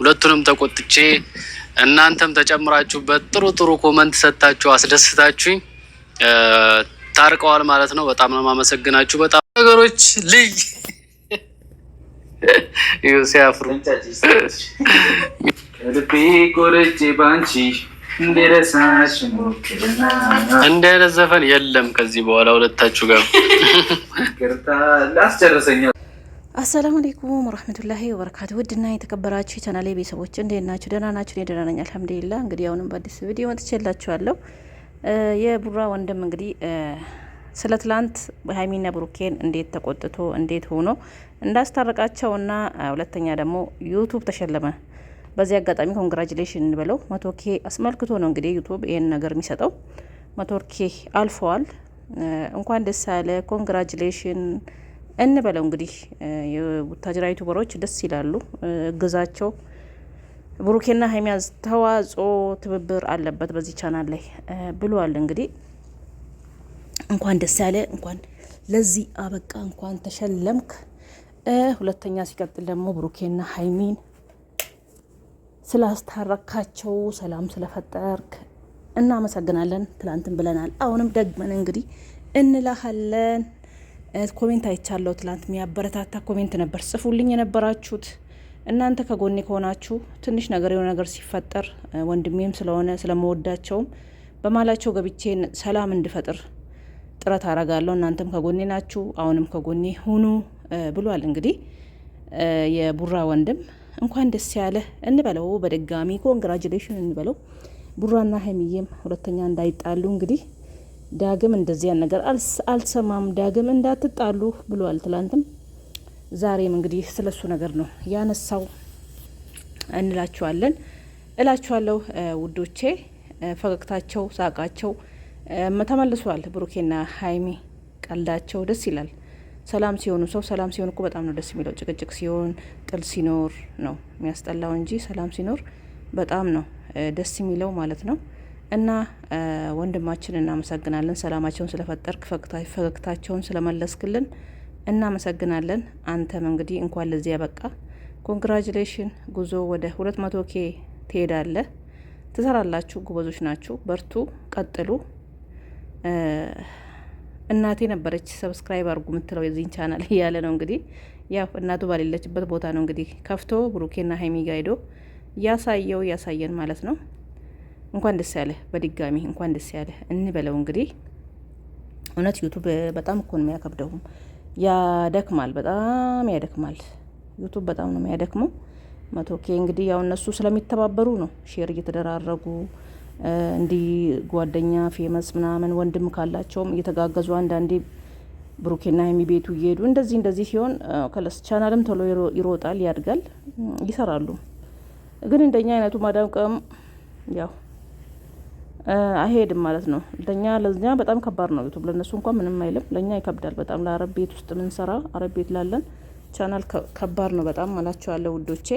ሁለቱንም ተቆጥቼ እናንተም ተጨምራችሁበት ጥሩ ጥሩ ኮመንት ሰጥታችሁ አስደስታችሁኝ ታርቀዋል ማለት ነው። በጣም ነው የማመሰግናችሁ። በጣም ነገሮች ልይ ሲያፍሩ እንደ ዘፈን የለም ከዚህ በኋላ ሁለታችሁ ጋር ላስጨረሰኛል። አሰላሙ አለይኩም ወራህመቱላሂ ወበረካቱ ውድና የተከበራችሁ የቻናሌ ቤተሰቦች እንዴት ናችሁ? ደህና ናችሁ? እኔ ደህና ነኝ አልሐምዱሊላህ። እንግዲህ አሁንም በአዲስ ቪዲዮ መጥቼላችኋለሁ። የቡራ ወንድም እንግዲህ ስለ ትላንት ሀይሚና ብሩኬን እንዴት ተቆጥቶ እንዴት ሆኖ እንዳስታረቃቸውና ሁለተኛ ደግሞ ዩቱብ ተሸለመ። በዚህ አጋጣሚ ኮንግራጁሌሽን እንበለው መቶ ኬ አስመልክቶ ነው እንግዲህ ዩቱብ ይህን ነገር የሚሰጠው መቶ ኬ አልፈዋል። እንኳን ደስ አለ ኮንግራጁሌሽን እንበለው እንግዲህ የቡታጅራ ዩቱበሮች ደስ ይላሉ። እግዛቸው ብሩኬና ሀይሚ ተዋጽኦ ትብብር አለበት በዚህ ቻናል ላይ ብሏል። እንግዲህ እንኳን ደስ ያለ እንኳን ለዚህ አበቃ እንኳን ተሸለምክ። ሁለተኛ ሲቀጥል ደግሞ ብሩኬና ሀይሚን ስላስታረካቸው ሰላም ስለፈጠርክ እናመሰግናለን። ትላንትን ብለናል፣ አሁንም ደግመን እንግዲህ እንላሃለን። ኮሜንት አይቻለሁ። ትላንት የሚያበረታታ ኮሜንት ነበር ጽፉልኝ የነበራችሁት። እናንተ ከጎኔ ከሆናችሁ ትንሽ ነገር የሆነ ነገር ሲፈጠር ወንድሜም ስለሆነ ስለመወዳቸውም በማላቸው ገብቼ ሰላም እንድፈጥር ጥረት አረጋለሁ። እናንተም ከጎኔ ናችሁ፣ አሁንም ከጎኔ ሁኑ ብሏል። እንግዲህ የቡራ ወንድም እንኳን ደስ ያለ እንበለው፣ በድጋሚ ኮንግራጁሌሽን እንበለው። ቡራና ሀይሚዬም ሁለተኛ እንዳይጣሉ እንግዲህ ዳግም እንደዚያን ነገር አልሰማም፣ ዳግም እንዳትጣሉ ብሏል። ትላንትም ዛሬም እንግዲህ ስለ እሱ ነገር ነው ያነሳው እንላችኋለን እላችኋለሁ ውዶቼ። ፈገግታቸው፣ ሳቃቸው ተመልሷል። ብሩኬና ሀይሚ ቀልዳቸው ደስ ይላል። ሰላም ሲሆኑ ሰው ሰላም ሲሆን እኮ በጣም ነው ደስ የሚለው። ጭቅጭቅ ሲሆን ጥል ሲኖር ነው የሚያስጠላው እንጂ ሰላም ሲኖር በጣም ነው ደስ የሚለው ማለት ነው። እና ወንድማችን እናመሰግናለን። ሰላማቸውን ስለፈጠርክ ፈገግታቸውን ስለመለስክልን እናመሰግናለን። አንተም እንግዲህ እንኳን ለዚህ ያበቃ ኮንግራጁሌሽን። ጉዞ ወደ ሁለት መቶ ኬ ትሄዳለ ትሰራላችሁ፣ ጎበዞች ናችሁ፣ በርቱ፣ ቀጥሉ። እናቴ ነበረች ሰብስክራይብ አርጉ የምትለው የዚህን ቻናል እያለ ነው እንግዲህ ያው እናቱ ባሌለችበት ቦታ ነው እንግዲህ ከፍቶ ብሩኬና ሀይሚ ጋ ሄዶ ያሳየው ያሳየን ማለት ነው። እንኳን ደስ ያለህ፣ በድጋሚ እንኳን ደስ ያለህ እንበለው። እንግዲህ እውነት ዩቱብ በጣም እኮ ነው የሚያከብደውም፣ ያደክማል፣ በጣም ያደክማል። ዩቱብ በጣም ነው የሚያደክመው። መቶ ኬ እንግዲህ ያው እነሱ ስለሚተባበሩ ነው ሼር እየተደራረጉ እንዲህ ጓደኛ ፌመስ ምናምን ወንድም ካላቸውም እየተጋገዙ አንዳንዴ ብሩኬና የሚቤቱ እየሄዱ እንደዚህ እንደዚህ ሲሆን ከለስ ቻናልም ቶሎ ይሮጣል፣ ያድጋል፣ ይሰራሉ። ግን እንደኛ አይነቱ ማዳም ቀም ያው አይሄድም ማለት ነው። ለእኛ ለዚያ በጣም ከባድ ነው ዩቱብ። ለእነሱ እንኳን ምንም አይልም፣ ለእኛ ይከብዳል በጣም ለአረብ ቤት ውስጥ ምንሰራ አረብ ቤት ላለን ቻናል ከባድ ነው በጣም እላችኋለሁ ውዶቼ።